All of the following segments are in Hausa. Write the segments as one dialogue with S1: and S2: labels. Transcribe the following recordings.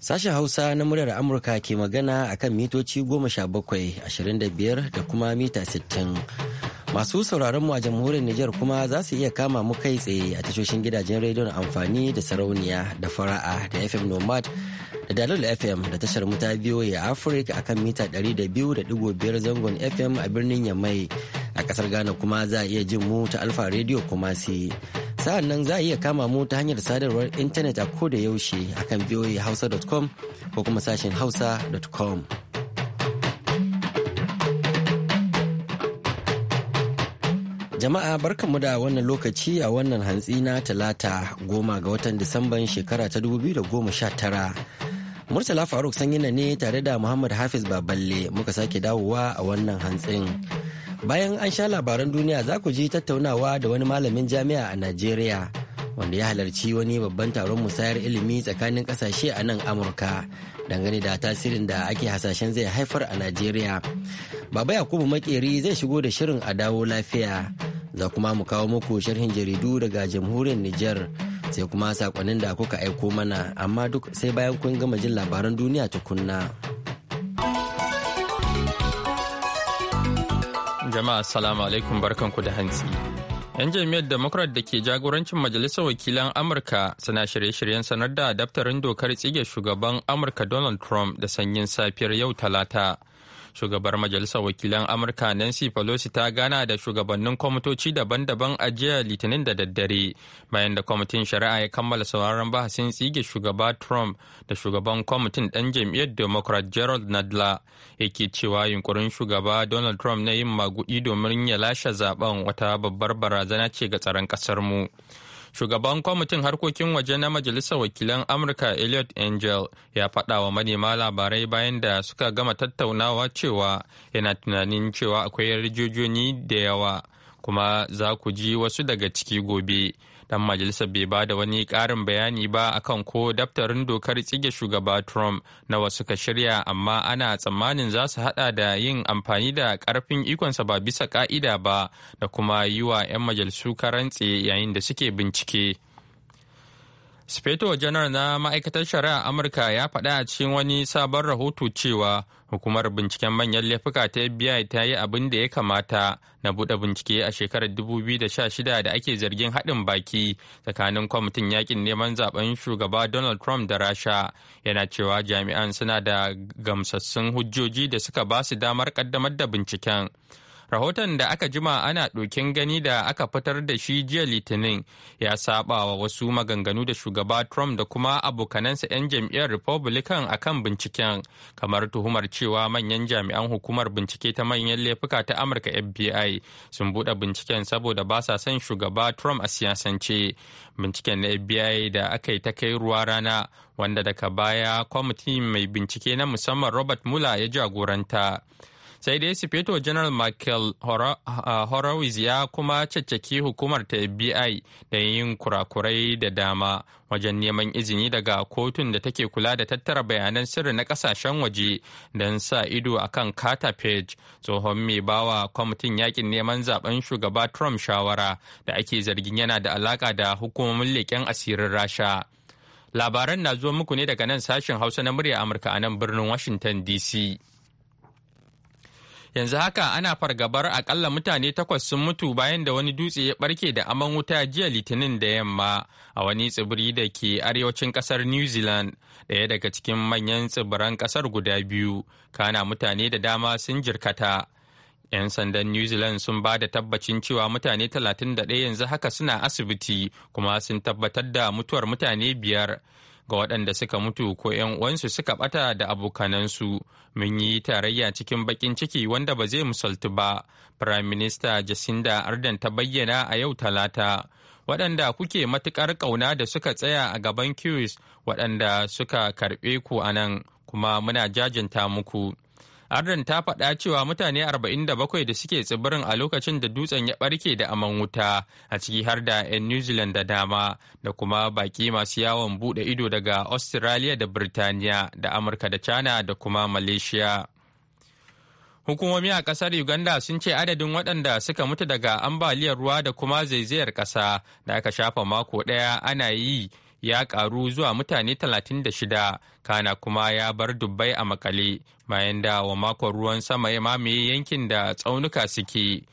S1: Sashen Hausa na muryar Amurka ke magana akan mitoci goma sha bakwai ashirin da biyar da kuma mita sittin. Masu sauraron mu a jamhuriyar Nijar kuma za su iya kama mu kai tsaye a tashoshin gidajen rediyon amfani da sarauniya da fara'a da FM Nomad da Dalil FM da tashar mu ta VOA Africa akan mita 200.5 zangon FM a birnin Yamai a kasar Ghana kuma za a iya jin mu ta Alfa Radio Kumasi. Sa'an nan za a iya kama mu ta hanyar sadarwar intanet a koda yaushe akan voahausa.com ko kuma sashen hausa.com. Jama'a barkanmu da wannan lokaci a wannan hantsi na talata goma ga watan Disamban shekara ta 2019. Murtala Faruk sanyina ne tare da Muhammad Hafiz Baballe muka sake dawowa a wannan hantsin. Bayan an sha labaran duniya za ku ji tattaunawa da wani malamin jami'a a Najeriya wanda ya halarci wani babban taron musayar ilimi tsakanin kasashe a nan Amurka dangane da tasirin da ake hasashen zai haifar a Najeriya. Baba Yakubu Makeri zai shigo da shirin a dawo lafiya. za kuma mu kawo muku sharhin jaridu daga jamhuriyar Nijar sai kuma sakonnin da kuka aiko mana amma duk sai bayan kun gama jin labaran duniya tukunna.
S2: Jama'a salamu alaikum barkanku da hantsi. 'Yan jam'iyyar Democrat da ke jagorancin Majalisar Wakilan Amurka suna shirye-shiryen sanar da daftarin dokar tsige shugaban Amurka Donald Trump da sanyin safiyar yau Talata. shugabar majalisar wakilan amurka nancy pelosi ta gana da shugabannin kwamitoci daban-daban a jiya litinin da daddare bayan da kwamitin shari'a ya kammala sauraron bahasin tsige shugaba trump da shugaban kwamitin ɗan jam'iyyar democrat gerald nadler yake cewa yunkurin shugaba donald trump na yin magudi domin ya lashe zaben wata babbar barazana ce ga tsaron ƙasarmu. mu Shugaban kwamitin harkokin waje na Majalisar Wakilan Amurka Elliot Angel ya faɗa wa manema labarai bayan da suka gama tattaunawa cewa yana tunanin cewa akwai yarjejoni da yawa kuma za ku ji wasu daga ciki gobe. dan majalisar bai ba da wani karin bayani ba akan ko daftarin dokar tsige shugaba trump na wasu ka shirya amma ana tsammanin za su hada da yin amfani da karfin ikonsa ba bisa ka'ida ba da kuma yi wa 'yan majalisu karantse yayin da suke bincike. sifeto janar na ma'aikatar shari'a Amurka ya faɗa a cikin wani sabon rahoto cewa hukumar binciken manyan laifuka ta FBI ta yi abin da ya kamata na buɗe bincike a shekarar 2016 da ake zargin haɗin baki tsakanin kwamitin yakin neman zaben shugaba Donald Trump da Rasha yana cewa jami'an suna da gamsassun hujjoji da suka ba su damar ƙaddamar da binciken. rahoton da aka jima ana ɗokin gani da aka fitar da shi jiya litinin ya saba wa wasu maganganu da shugaba trump da kuma abokanansa 'yan jam'iyyar republican akan binciken kamar tuhumar cewa manyan jami'an hukumar bincike ta manyan laifuka ta amurka fbi sun buɗe binciken saboda ba sa son shugaba trump a siyasance binciken na fbi da aka yi ta kai ruwa rana wanda daga baya kwamitin mai bincike na musamman robert mueller ya jagoranta sai dai sufeto general michael horowitz ya kuma caccaki hukumar ta fbi da yin kurakurai da dama wajen neman izini daga kotun da take kula da tattara bayanan sirri na kasashen waje don sa ido akan carter page tsohon mai bawa kwamitin yakin neman zaben shugaba trump shawara da ake zargin yana da alaka da hukumomin leƙen asirin rasha labaran na zuwa muku ne daga nan sashen hausa na murya amurka a nan birnin washington dc yanzu haka ana fargabar akalla mutane takwas sun mutu bayan da wani dutse ya barke da aman wuta jiya litinin da yamma a wani tsibiri da ke arewacin kasar new zealand daya daga cikin manyan tsibiran kasar guda biyu kana mutane da dama sun jirkata 'yan sandan new zealand sun ba da tabbacin cewa mutane 31 yanzu haka suna asibiti kuma sun tabbatar da mutuwar mutane biyar ga waɗanda suka mutu ko 'yan uwansu suka ɓata da abokanansu mun yi tarayya cikin baƙin ciki wanda ba zai musaltu ba prime minister jacinda arden ta bayyana a yau talata waɗanda kuke matuƙar ƙauna da suka tsaya a gaban qs waɗanda suka karɓe ku a nan kuma muna jajinta muku Ardan ta faɗa cewa mutane 47 da suke tsibirin a lokacin da dutsen ya ɓarke da aman wuta a ciki har da 'yan New Zealand da dama da kuma baƙi masu yawon buɗe ido daga Australia da Birtaniya da Amurka da China da kuma Malaysia. Hukumomi a ƙasar Uganda sun ce adadin waɗanda suka mutu daga ambaliyar ruwa da kuma zaizayar ƙasa da aka shafa mako ɗaya ana yi ya karu zuwa mutane 36 kana kuma ya bar dubbai a makale bayan da wa makon ruwan sama ya mamaye yankin da tsaunuka suke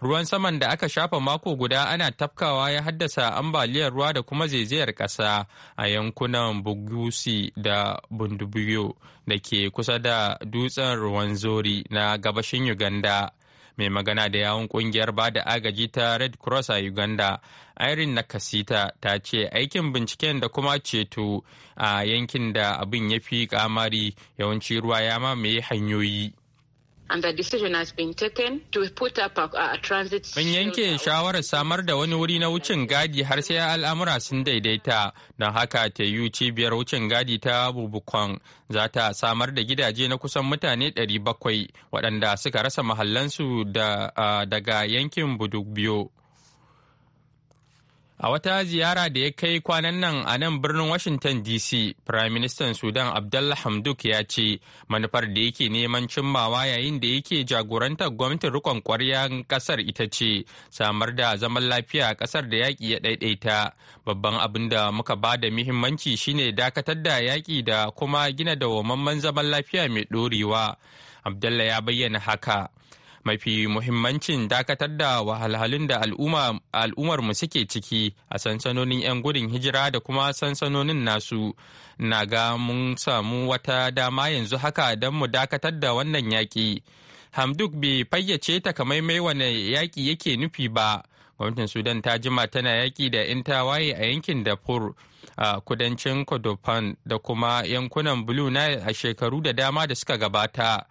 S2: ruwan saman da aka shafa mako guda ana tafkawa ya haddasa ambaliyar ruwa da kuma zaizayar kasa a yankunan bugusi da bundubiyo da ke kusa da dutsen ruwan zori na gabashin uganda mai magana da yawun kungiyar ba da agaji ta red cross a uganda irene nakasita ta ce aikin binciken da kuma ceto a yankin da abin ya fi kamari yawanci ruwa ya mamaye hanyoyi Mun yanke shawarar samar da wani wuri na wucin gadi har sai al'amura sun daidaita don haka ta yi cibiyar wucin gadi ta Bubukon za ta samar da gidaje na kusan mutane 700 waɗanda suka rasa mahallansu daga yankin Budugbiyo. A wata ziyara da ya kai kwanan nan a nan birnin Washington DC, Prime Minister Sudan Abdul Hamduk ya ce manufar da yake neman cimmawa yayin da yake jagorantar gwamnatin rikon kwaryan kasar ita ce samar da zaman lafiya a kasar da yaƙi ya ɗaiɗaita. Babban abin da muka ba da muhimmanci shine dakatar da yaƙi da kuma gina dawwamamman zaman lafiya mai ɗorewa. Abdullah ya bayyana haka. mafi muhimmancin dakatar da wahalhalun da al'ummarmu suke ciki a sansanonin 'yan gudun hijira da kuma sansanonin nasu na ga mun samu wata dama yanzu haka don mu dakatar da wannan yaƙi hamduk bai fayyace takamaimai wane yaƙi yake nufi ba gwamnatin sudan ta jima tana yaƙi da 'yan tawaye a yankin dafur a kudancin kodofan da kuma yankunan bulu na a shekaru da dama da suka gabata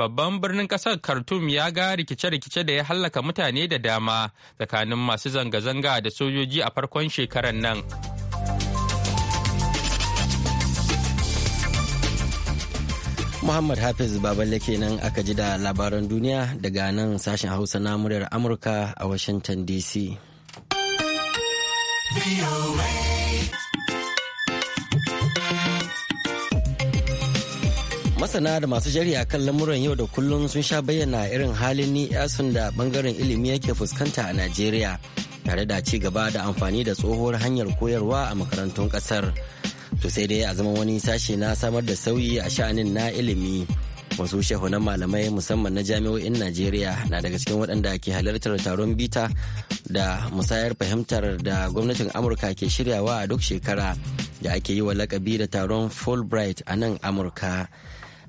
S2: babban birnin kasar khartoum ya ga rikice-rikice da ya hallaka mutane da dama tsakanin masu zanga-zanga da sojoji a farkon shekarar nan
S1: muhammad hafiz baballe kenan aka ji da labaran duniya daga nan sashen hausa na muryar amurka a washington dc masana da masu jariya kan lamuran yau da kullum sun sha bayyana irin halin ni da bangaren ilimi yake fuskanta a najeriya tare da ci gaba da amfani da tsohuwar hanyar koyarwa a makarantun kasar to sai dai a zama wani sashe na samar da sauyi a sha'anin na ilimi wasu na malamai musamman na jami'o'in najeriya na daga cikin waɗanda ke halartar taron bita da musayar fahimtar da gwamnatin amurka ke shiryawa a duk shekara da ake yi wa lakabi da taron fulbright a nan amurka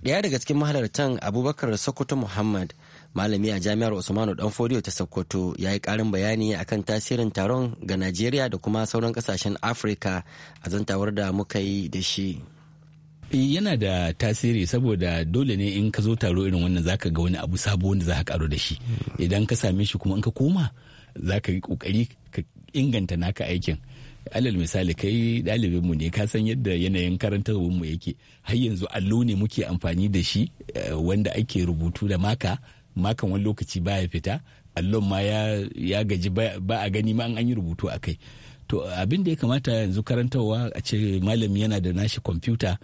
S1: Daya daga cikin mahalartan Abubakar Sokoto Muhammad malami a jami'ar Usmanu Danfodiyo ta Sokoto ya yi karin bayani akan tasirin taron ga Najeriya da kuma sauran kasashen Afirka a zantawar da muka yi da shi.
S3: E, yana da tasiri saboda dole ne in ka zo taro irin wannan zaka ga wani abu sabo wanda za ka da shi hmm. idan ka same shi kuma in ka koma za ka yi kokari ka inganta naka aikin alal misali kai ɗalibin mu ne ka san yadda yanayin karantarwar mu yake har yanzu allo ne muke amfani da shi eh, wanda ake rubutu da maka makan wani lokaci baya fita allon ma ya, gaji ba a gani ma an yi rubutu a kai to abin da ya kamata yanzu karantarwa a ce malami yana da nashi kwamfuta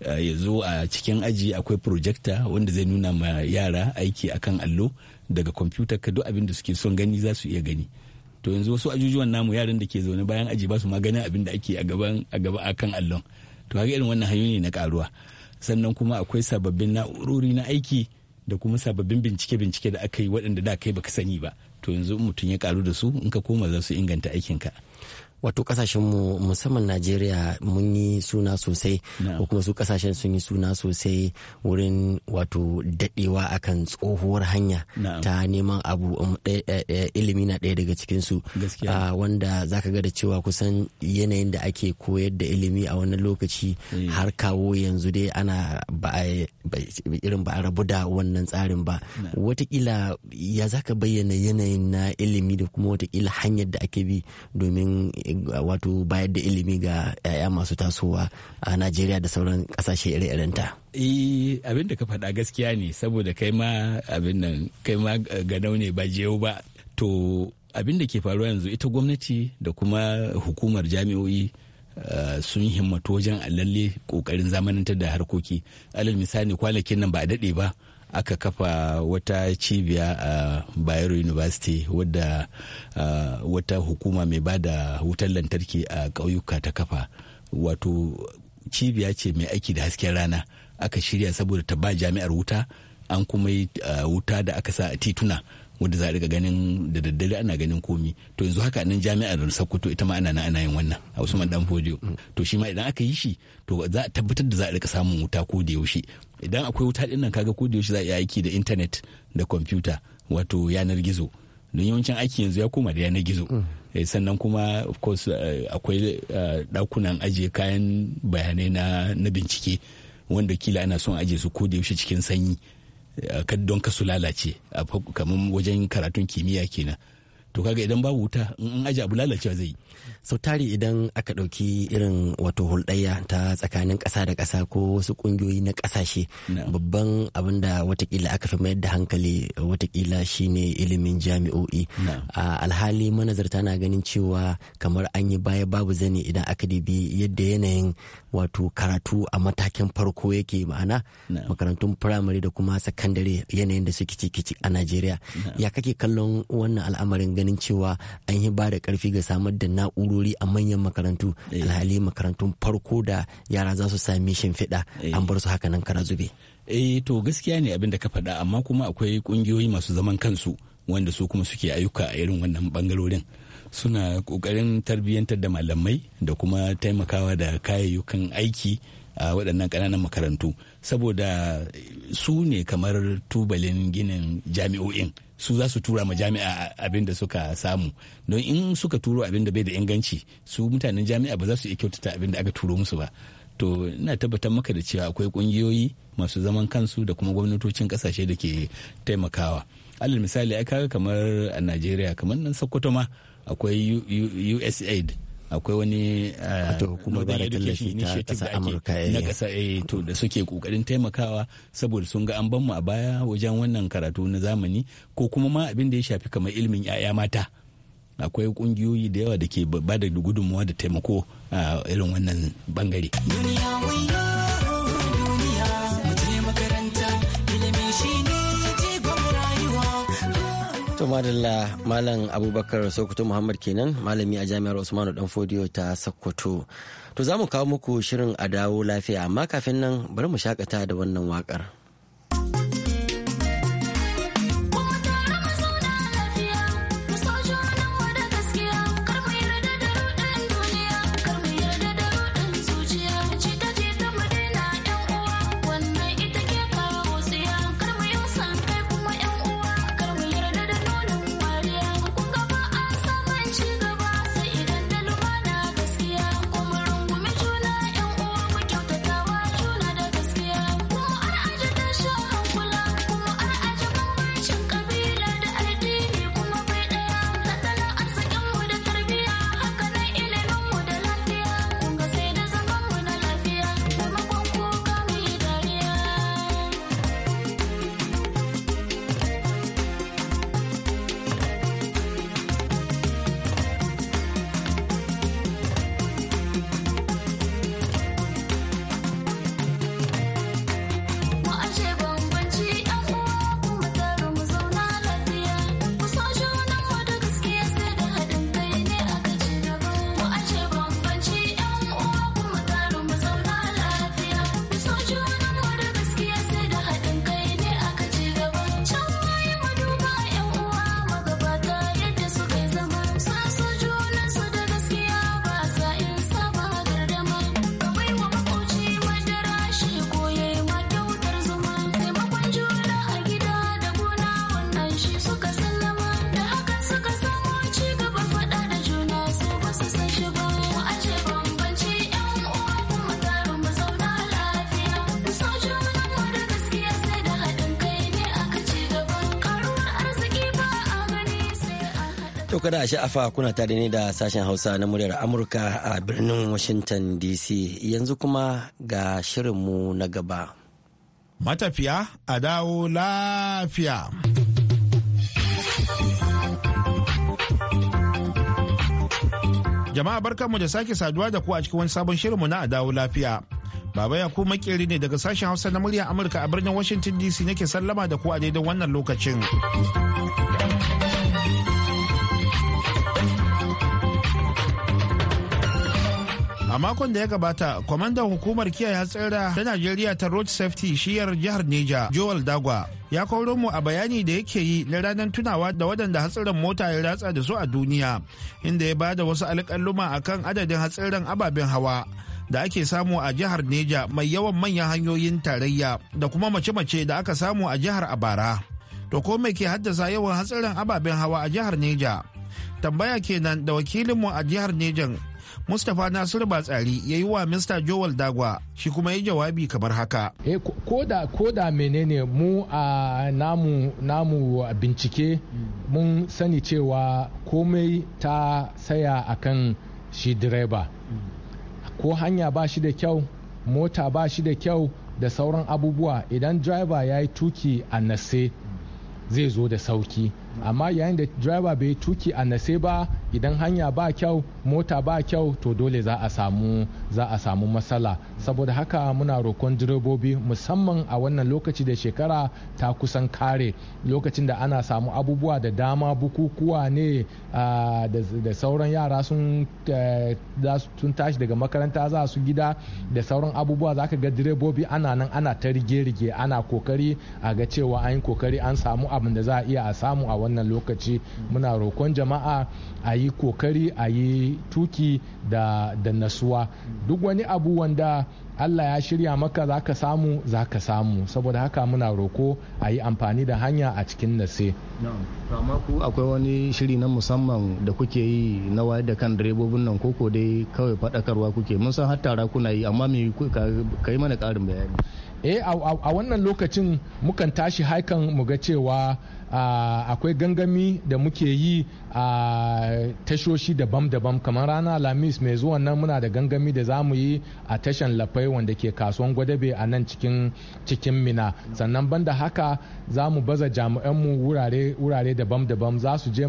S3: eh, ya zo a cikin aji akwai projector wanda zai nuna ma yara aiki akan allo daga kwamfuta ka duk abin da suke son gani za su iya gani to yanzu wasu ajujuwan namu yaran da ke zaune bayan aji ba su ma ganin abin da ake a gaban a gaba akan allon to haka irin wannan hanyoyi ne na karuwa sannan kuma akwai sababbin na'urori na aiki da kuma sababbin bincike-bincike da aka yi waɗanda da kai baka sani ba to yanzu mutum ya karu da su in ka koma za su inganta aikinka.
S1: wato mu musamman najeriya mun yi suna sosai ko kuma su kasashen sun yi suna sosai wurin wato dadewa akan tsohuwar hanya ta neman abu um, ilimi na ɗaya daga cikin cikinsu ah, wanda zaka ga da cewa kusan yanayin da ake koyar da ilimi a wannan lokaci eh. har kawo yanzu dai ana irin ba rabu da wannan tsarin ba watakila ya zaka bayyana yanayin na ilimi da kuma watakila hanyar da ake bi domin Uh, wato bayar da ilimi ga 'ya'ya masu tasowa a najeriya da sauran kasashe ire ta
S3: e, abin da ka faɗa gaskiya ne saboda kai ma abin nan kai ma uh, ganau ne ba jiyau ba to abin da ke faruwa yanzu ita gwamnati da kuma hukumar jami'o'i uh, sun himmatu wajen lalle kokarin zamanantar da harkoki alal misali kwanakin nan ba a daɗe ba aka kafa wata cibiya a bayero university wadda wata hukuma mai ba da wutar lantarki a ƙauyuka ta kafa wato cibiya ce mai aiki da hasken rana aka shirya saboda ta ba jami'ar wuta an kuma yi wuta da aka sa a tituna wanda za a riga ganin da daddare ana ganin komi to yanzu haka nan jami'ar sokoto ita ma ana na ana yin wannan a usman dan fodio to shi ma idan aka yi shi to za a tabbatar da za a riga samun wuta ko da yaushe idan akwai wuta dinnan kaga ko da yaushe za a iya aiki da intanet da kwamfuta wato yanar gizo don yawancin aiki yanzu ya koma da yanar gizo mm. eh, sannan kuma of course eh, akwai dakunan eh, ajiye kayan bayanai na bincike wanda kila ana son ajiye su ko da yaushe cikin sanyi ka su lalace kamar wajen karatun kimiyya kenan to kaga idan babu wuta in aji abu lalacewa zai yi
S1: sau tari idan aka ɗauki irin wato hulɗayya ta tsakanin ƙasa da ƙasa ko wasu ƙungiyoyi na ƙasashe babban abin da watakila aka fi mayar da hankali watakila shine ilimin jami'o'i A alhali manazarta na ganin cewa kamar an yi baya babu zani idan aka dibi yadda yanayin wato karatu a matakin farko yake ma'ana makarantun firamare da kuma sakandare yanayin da suke ciki a najeriya ya kake kallon wannan al'amarin ganin cewa an yi ba da karfi ga samar da na'urori a manyan makarantu eh. alhali makarantun farko da yara za su sami shimfiɗa eh. an bar su haka nan kara zube. eh to gaskiya ne abin da ka faɗa amma kuma akwai ƙungiyoyi
S3: masu zaman kansu wanda su kuma suke ayyuka a irin wannan bangarorin suna ƙoƙarin tarbiyyantar da malamai da kuma taimakawa da kayayyukan aiki a waɗannan ƙananan makarantu saboda su ne kamar tubalin ginin jami'o'in su za su tura ma jami'a abin da suka samu don in suka turo abin da bai da inganci su mutanen jami'a ba za su iya kyautata abin da aka turo musu ba to ina tabbatar maka da cewa akwai kungiyoyi masu zaman kansu da kuma gwamnatocin kasashe da ke taimakawa alal misali ai kamar a najeriya kamar nan sokoto ma akwai usaid akwai wani eh, da eh. na ƙasa eh, to da suke ƙoƙarin taimakawa saboda sun ga an ban mu a baya wajen wannan karatu na zamani ko kuma ma abin da ya shafi kamar ilimin 'ya'ya mata akwai ƙungiyoyi da yawa da ke ba da gudunmuwa da taimako a irin wannan bangare.
S1: To madalla Malam Abubakar Sokoto Muhammad kenan malami a Jami'ar Usmanu Fodiyo ta Sokoto. To za mu kawo muku shirin a dawo lafiya amma kafin nan bari mu shakata da wannan wakar kada shi sha'afa kuna tare ne da sashen hausa na muryar amurka a birnin washington dc yanzu kuma ga shirinmu
S4: na gaba matafiya a dawo lafiya jama'a barkanmu da sake saduwa da ku a cikin wani sabon shirinmu na a dawo lafiya Baba ya ku makeri ne daga sashen Hausa na muryar Amurka a birnin Washington DC nake sallama da ku a daidai wannan lokacin. a makon da ya gabata kwamandan hukumar kiyaye hatsira ta najeriya ta road safety shiyar jihar neja joel dagwa ya kawo mu a bayani da yake yi na ranar tunawa da waɗanda hatsarin mota ya ratsa da su a duniya inda ya bada wasu alƙaluma akan adadin hatsarin ababen hawa da ake samu a jihar neja mai yawan manyan hanyoyin tarayya da kuma mace-mace da aka samu a jihar a bara to ko me ke haddasa yawan hatsarin ababen hawa a jihar neja tambaya kenan da wakilinmu a jihar nejan mustapha nasiru batsari ya yi wa mista joel dagwa shi kuma ya jawabi kamar haka
S5: eh, Ko da menene mu a namu namu bincike mun sani cewa komai ta saya akan shi direba ko hanya ba shi da kyau mota ba shi da kyau da sauran abubuwa idan driver ya yi tuki a nase zai zo da sauki amma yayin da driver bai tuki a nase ba idan hanya ba kyau mota ba kyau to dole za a samu za a samu matsala saboda haka muna roƙon direbobi musamman a wannan lokaci da shekara ta kusan kare lokacin da ana samu abubuwa da dama bukukuwa ne da sauran yara eh, sun tashi daga makaranta za su gida da sauran abubuwa za ka ga direbobi ana nan ana ta rige-rige ana kokari a ga cewa an yi kokari an samu abin da za a iya a samu a wannan lokaci muna roƙon jama'a a yi kokari a yi tuki da, da nasuwa duk wani abu wanda allah ya shirya maka za ka samu za ka samu saboda haka muna roko a yi amfani da hanya a cikin nase amma ku akwai wani shiri na musamman da kuke yi na wayar da kan direbobin nan koko dai kawai faɗakarwa kuke mun san hattara kuna yi amma me ka yi mana ƙarin bayani eh a wannan lokacin mukan tashi haikan mu ga cewa akwai gangami da muke yi a tashoshi daban-daban kamar rana alhamis mai zuwan nan muna da gangami da za mu yi a tashan lafai wanda ke kasuwan gwadabe a nan cikin cikin mina sannan banda haka za mu baza jami'anmu wurare daban-daban za su je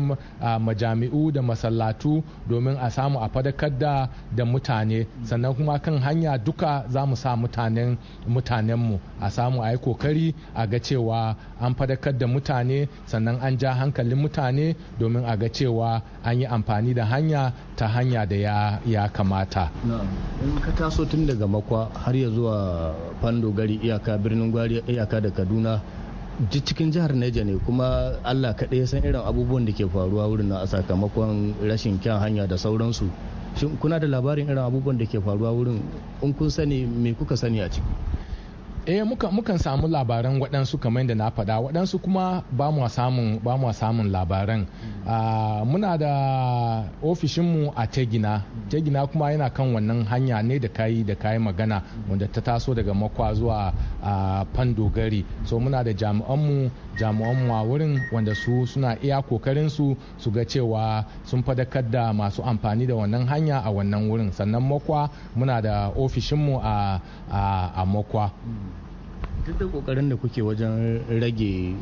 S5: majami'u da masallatu domin a samu a fadakar da da mutane sannan kuma kan hanya duka za mu sa mutanen mutanenmu a samu a yi kokari a ga cewa an fadakar da mutane sannan an ja hankalin mutane domin a ga cewa an yi amfani da hanya ta hanya da ya, ya kamata
S3: in ka taso tun daga makwa har ya zuwa fando gari iyaka birnin gwari iyaka da kaduna cikin jihar Neja ne kuma Allah kaɗai ya san irin abubuwan da ke faruwa wurin a sakamakon rashin kyan hanya da sauransu.
S5: Shin kuna da labarin irin abubuwan da ke faruwa wurin in kun sani me kuka sani a ciki? eh mukan mukan samu labaran waɗansu kamar da na faɗa waɗansu kuma ba mu samun ba mu samun labaran mm. ah, muna da ofishin mu a tegina mm. tegina kuma yana kan wannan hanya ne da kayi da kayi magana mm. wanda ta taso daga makwa zuwa ah, pandogari so muna da jami'an mu a wurin wanda su suna iya kokarin su su ga cewa sun fadakar da masu amfani da wannan hanya a wannan wurin sannan makwa muna da ofishin ofishinmu a makwa
S3: duk da kokarin da kuke wajen rage eh,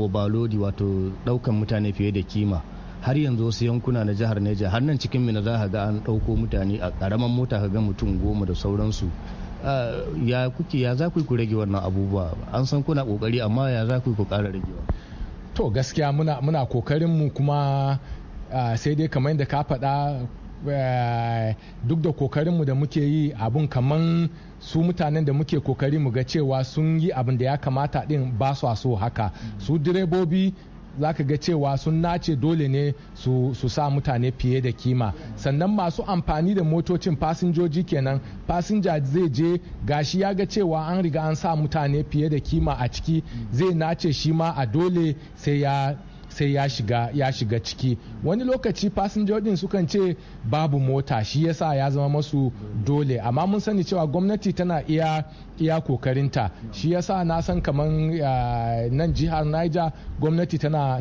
S3: obalodi wato daukan mutane fiye da kima har yanzu wasu yankuna na jihar neja har nan cikin mina za ga an dauko mutane a karaman mota ka ga mutum goma da sauransu eh, ya
S5: kuke ya za ku rage wannan abubuwa an san kuna kokari amma ya za ku kara ragewa to gaskiya muna kokarin mu kuma eh, sai dai kamar da ka faɗa Eh, duk da kokarinmu da muke yi abun kaman su mutanen da muke kokari mu ga cewa sun yi abin da ya kamata din ba su so haka su direbobi za ka ga cewa sun nace dole ne su, su sa mutane fiye da kima sannan masu amfani da motocin fasinjoji kenan fasinja zai je gashi ya ga cewa an riga an sa mutane fiye da kima a ciki zai nace shi ma a dole sai ya sai ya shiga ya shiga ciki wani lokaci fasinjojin sukan ce babu mota shi yasa ya zama masu dole amma mun sani cewa gwamnati tana iya iya kokarinta shi yasa na san kaman nan jihar niger gwamnati tana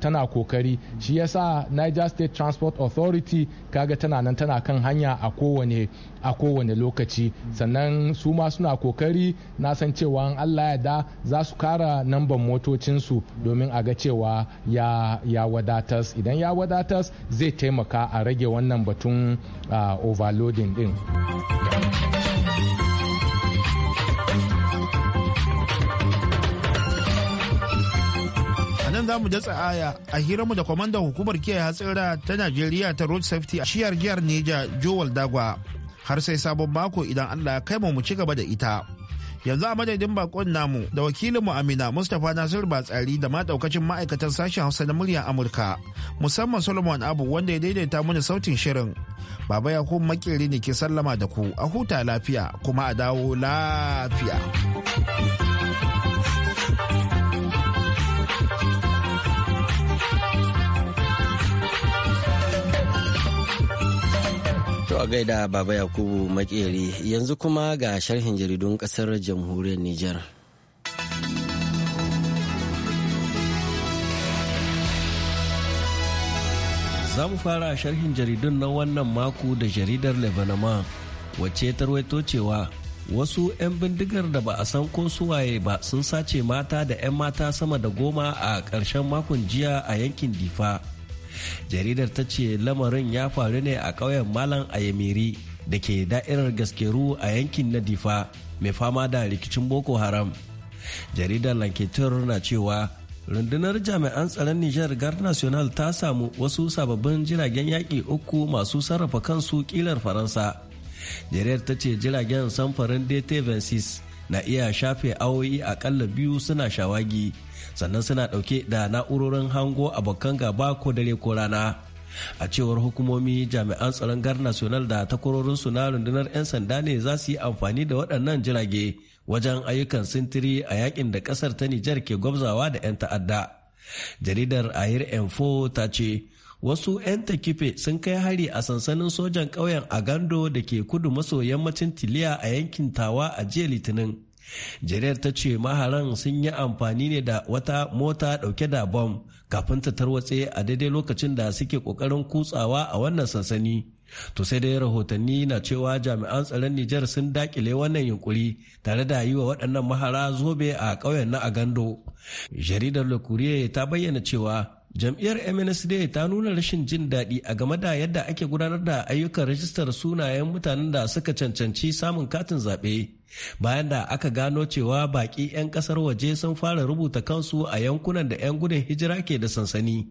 S5: tana kokari shi yasa niger state transport authority kaga tana nan tana kan hanya a kowane a kowane lokaci sannan su ma suna kokari na san cewa an allah ya da za su kara namban motocinsu domin a ga cewa ya wadatas idan ya wadatas zai taimaka a rage wannan batun ah, overloading din.
S4: za mu datsa aya a mu da kwamandan hukumar kiyaye hatsira ta Najeriya ta road safety a shiyar jihar Neja Jowal Dagwa har sai sabon mako idan Allah ya kai mu mu ci gaba da ita. Yanzu a madadin bakon namu da wakilinmu Amina Mustapha Nasir Batsari da ma daukacin ma'aikatan sashen Hausa na muryar Amurka musamman Solomon Abu wanda ya daidaita mana sautin shirin. Baba ya kuma makiri ne ke sallama da ku a huta lafiya kuma a dawo lafiya.
S1: a gaida Baba Yakubu Makeri yanzu kuma ga sharhin jaridun kasar jamhuriyar Nijar.
S6: Za mu fara sharhin jaridun na wannan mako da jaridar Lebanama wacce tarwaito cewa wasu 'yan bindigar da ba a san ko suwaye ba sun sace mata da 'yan mata sama da goma a ƙarshen makon jiya a yankin Difa. jaridar ta ce lamarin ya faru ne a ƙauyen malam ayamiri da ke da'irar gaskeru a yankin na difa mai fama da rikicin boko haram jaridar lanketer na cewa rundunar jami'an tsaron niger gar national ta samu wasu sababbin jiragen yaƙi uku masu sarrafa kansu ƙilar faransa jaridar ta ce jiragen samfarin dt na iya shafe awoyi akalla biyu suna shawagi sannan suna ɗauke da na'urorin hango abokan gaba ko dare ko rana a cewar hukumomi jami'an tsaron gar national da takwarorin su na rundunar 'yan sanda ne za su yi amfani da waɗannan jirage wajen ayyukan sintiri a yakin da ƙasar ta nijar ke gwabzawa da 'yan ta'adda jaridar ayir info ta ce wasu 'yan takife sun kai hari a sansanin sojan ƙauyen agando da ke kudu maso yammacin tiliya a yankin tawa a jiya litinin jaridar ta ce maharan sun yi amfani ne da wata mota dauke da bom kafin ta tarwatse a daidai lokacin da suke kokarin kutsawa a wannan sansani to sai dai rahotanni na cewa jami'an tsaron nijar sun dakile wannan yunkuri tare da yi wa waɗannan mahara zobe a ƙauyen na agando jaridar lokuriya ta bayyana cewa jam'iyyar mnsd ta nuna rashin jin daɗi a game da yadda ake gudanar da ayyukan rajistar sunayen mutanen da suka cancanci samun katin zaɓe bayan da aka gano cewa baƙi 'yan ƙasar waje sun fara rubuta kansu a yankunan da 'yan gudun hijira ke da sansani.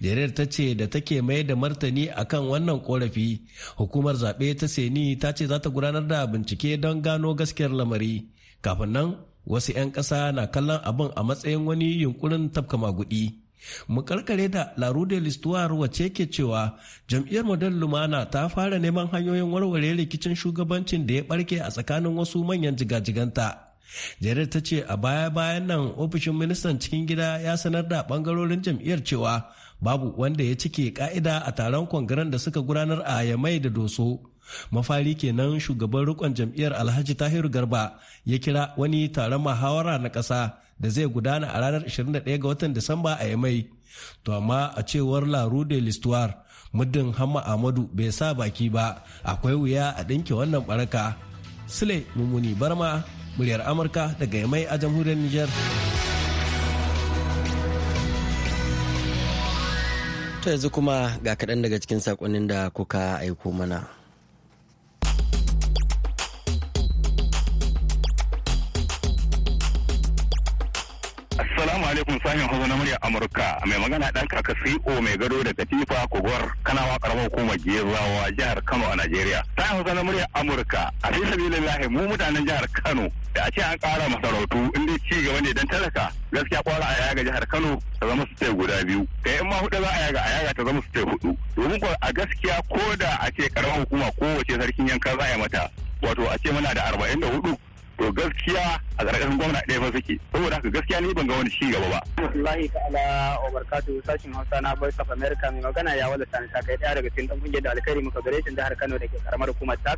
S6: jarir ta ce da take mai da martani akan wannan korafi hukumar zaɓe ta seni ta ce za ta gudanar da bincike don gano gaskiyar lamari kafin nan wasu 'yan ƙasa na kallon abin a matsayin wani yunkurin tafka magudi. mu karkare da larude listuwar wace ke cewa jam'iyyar model lumana ta fara neman hanyoyin warware rikicin shugabancin da ya barke a tsakanin wasu manyan jigajiganta jaridar ta ce a baya-bayan nan ofishin ministan cikin gida ya sanar da bangarorin jam'iyyar cewa babu wanda ya cike ka'ida a taron kwangaren da suka gudanar a yamai da doso mafari kenan shugaban rikon jam'iyyar alhaji tahiru garba ya kira wani taron muhawara na ƙasa da zai gudana a ranar 21 ga watan Disamba a Yamai. To amma a cewar rue de Listuwar, muddin Hamma Ahmadu bai sa baki ba, akwai wuya a ɗinke wannan baraka. Sule Mumuni Barma,
S1: muryar Amurka daga Yamai a jamhuriyar Nijar. To yanzu kuma ga kaɗan daga cikin saƙonin da kuka aiko mana. alaikum sashen hausa na murya
S7: amurka mai magana dan kaka e o mai gado da katifa kogwar kanawa karamar hukumar gezawa jihar kano a najeriya sashen hausa na murya amurka a fi sabilillahi mu mutanen jihar kano da a ce an kara masarautu in dai ci gaba ne dan talaka gaskiya kwara a yaga jihar kano ta zama su ce guda biyu kai eh, in ma hudu za a yaga a yaga ta zama su ce hudu domin ko a gaskiya ko da a ce karamar hukuma kowace sarkin yanka za a yi mata wato a ce muna da arba'in da hudu to gaskiya a ƙarƙashin gwamna ɗaya fa suke saboda haka gaskiya ni ban ga wani ci gaba ba wallahi ala
S3: wa barakatuhu sashin Hausa na Voice of America mai magana ya wala sani sakai ɗaya daga cikin ɗan kungiyar da alkhairi muka gare shi jihar Kano da ke karamar hukumar kai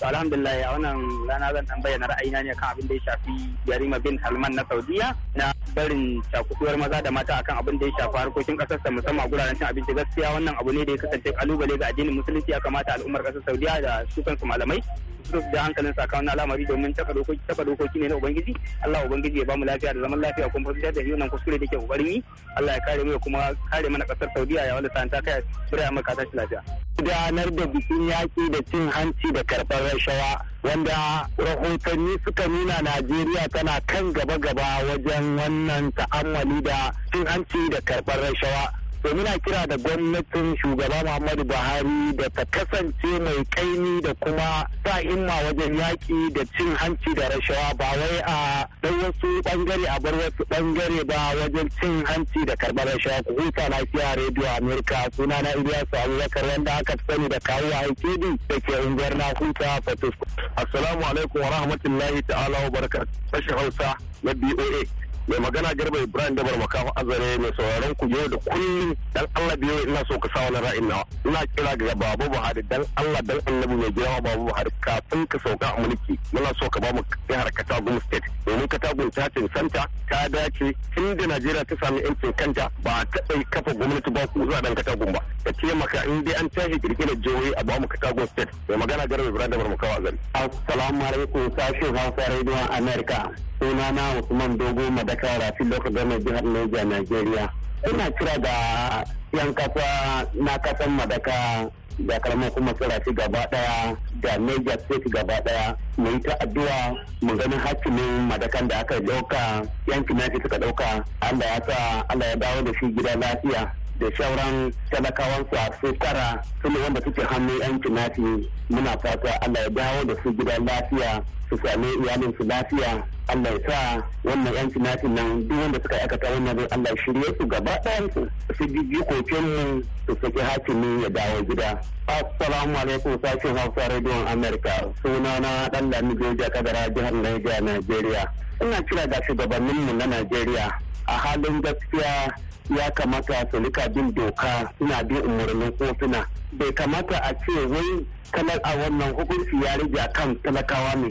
S3: to alhamdulillah a wannan rana zan tambaya na ra'ayina ne kan abin da ya shafi Yarima bin Salman na Saudiya na barin cakuduwar maza da mata akan abin da ya shafi harkokin kasar sa musamman a guraren cin abinci gaskiya wannan abu ne da ya kasance kalubale ga addinin musulunci ya kamata al'ummar kasar Saudiya da su kansu malamai su da hankalin sa na lamari domin taka dokoki taka ne na ubangiji Allah ubangiji ya bamu lafiya da zaman lafiya kuma fitar da wannan kuskure da ke kokarin yi Allah
S7: ya kare mu ya kuma kare mana kasar Saudiya ya wala ta kai shirya a tashi lafiya gudanar da bikin yaki da cin hanci da karɓar rashawa wanda rahotanni suka nuna najeriya tana kan gaba-gaba wajen wannan ta'ammali da cin hanci da karɓar rashawa da muna kira da gwamnatin shugaba muhammadu buhari da ta kasance mai kaini da kuma sa imma wajen yaƙi da cin hanci da rashawa ba wai a ɗan wasu ɓangare a bar wasu bangare ba wajen cin hanci da karɓar rashawa ku huta lafiya rediyo amerika suna na su abubakar wanda aka sani da kawo a haikedi da ke unguwar na huta fatus assalamu alaikum wa rahmatullahi ta'ala wa barakatuh sashen hausa na boa mai magana garba ibrahim dabar makafa azare mai sauraron ku yau da kullum dan allah biyo ina so ka sa wani ra'ayin nawa ina kira ga babu buhari dan allah dan annabi mai girma babu buhari kafin ka sauka a mulki muna so ka ba mu jihar katagun state domin katagun ta santa. ta dace inda najeriya ta sami yancin kanta ba ta ɗai kafa gwamnati ba ku zuwa dan katagun ba ka taimaka in dai an tashi kirkirar jihohi a ba mu katagun state mai magana garba ibrahim dabar makafa azare assalamu alaikum sashen hausa rediyon america na Usman Dogo Madaka Rafi da Government Jihar Niger Nigeria. Ina kira da yan kasa na kasan Madaka da karamar kuma Rafi gaba daya da Niger State gaba daya mu yi ta addu'a mu gani hakimin madakan da aka dauka yankin nashi suka dauka Allah ya sa Allah ya dawo da shi gida lafiya da shauran talakawansa su kara su wanda suke hannun yankin nashi muna fata Allah ya dawo da su gidan lafiya su sami iyalin su lafiya Allah ya sa wannan yan nafin nan duk wanda suka aikata wannan zai Allah ya shirye su gaba ɗayan su su ji kokin mu su saki hakimi ya dawo gida Assalamu alaikum sashen Hausa Radio America sunana dan Lami Joja Kadara jihar Niger Nigeria ina kira ga shugabanninmu na Nigeria a halin gaskiya ya kamata su rika bin doka suna bin umarnin kotuna bai kamata a ce wai kalar a wannan hukunci ya rage kan talakawa ne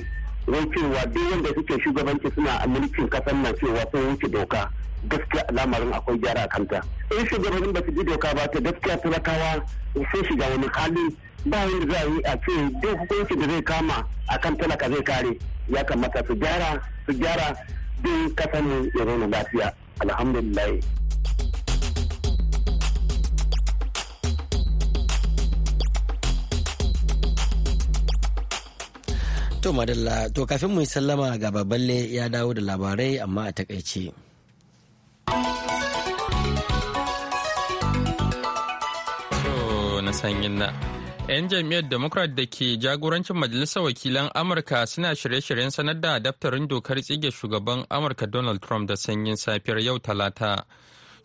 S7: wai cewa duk wanda suke shugabanci suna mulkin kasar nan cewa sun wuce doka gaskiya al'amarin akwai gyara a kanta in shugabannin ba su ji doka ba ta gaskiya talakawa sun shiga wani hali ba wanda za a yi a ce duk hukunci da zai kama a kan talaka zai kare ya kamata su gyara su gyara duk kasar ne ya zauna lafiya alhamdulillah
S1: To madalla to kafin mu yi sallama ga baballe ya dawo da labarai amma a takaice.
S2: na sanyin na. 'Yan jam'iyyar Democrat da ke jagorancin Majalisar Wakilan Amurka suna shirye-shiryen sanar da daftarin dokar tsige shugaban Amurka Donald Trump da sanyin safiyar yau Talata.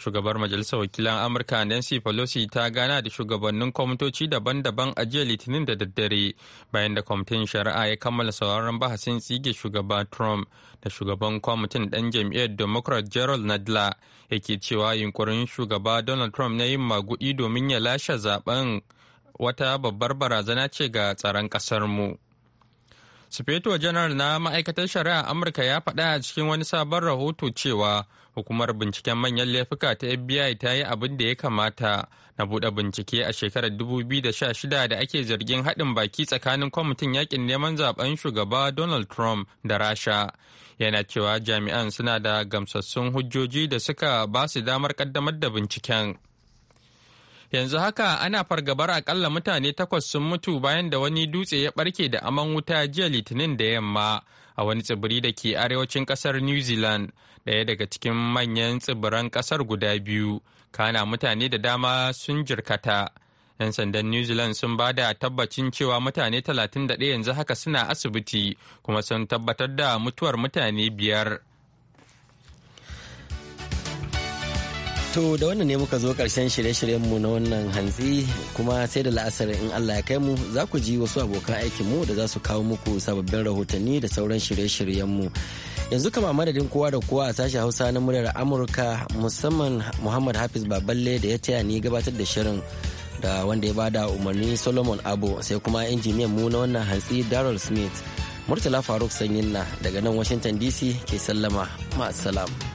S2: Shugabar Majalisar Wakilan Amurka Nancy Pelosi ta gana da shugabannin kwamitoci daban-daban a jiya Litinin da daddare bayan da kwamitin shari'a ya kammala sauraron bahasin tsige shugaba Trump da shugaban kwamitin ɗan jam'iyyar Democrat Gerald Nadler yake cewa yunkurin shugaba Donald Trump na yin magudi domin ya lashe zaben wata babbar barazana ce ga tsaron ƙasarmu. mu. Sufeto janar na ma'aikatar shari'a Amurka ya faɗa a cikin wani sabon rahoto cewa hukumar binciken manyan laifuka ta FBI ta yi abin da ya kamata na buɗe bincike a shekarar 2016 da ake zargin haɗin baki tsakanin kwamitin yakin neman zaben shugaba Donald Trump da Rasha. Yana cewa jami'an suna da gamsassun hujjoji da suka ba su damar ƙaddamar da binciken. yanzu haka ana fargabar akalla mutane takwas sun mutu bayan da wani dutse ya barke da aman wuta jiya litinin da yamma a wani tsibiri da ke arewacin kasar new zealand daya daga cikin manyan tsibiran kasar guda biyu kana mutane da dama sun jirkata 'yan sandan new zealand sun ba da tabbacin cewa mutane 31 yanzu haka suna asibiti kuma sun tabbatar da mutuwar mutane biyar
S8: To
S1: da wannan ne muka zo karshen shirye-shiryenmu na wannan hantsi kuma sai da la'asar in Allah ya kai mu za ku ji wasu abokan mu da za su kawo muku sababbin rahotanni da sauran shirye-shiryenmu. Yanzu kama madadin kowa da kowa a sashen Hausa na muryar Amurka musamman Muhammad Hafiz Baballe da ya taya ni gabatar da shirin da wanda ya bada umarni Solomon Abo sai kuma injiniyan mu na wannan hantsi Darrell Smith. Murtala Faruk sanyinna daga nan Washington DC ke sallama. Ma'asalam.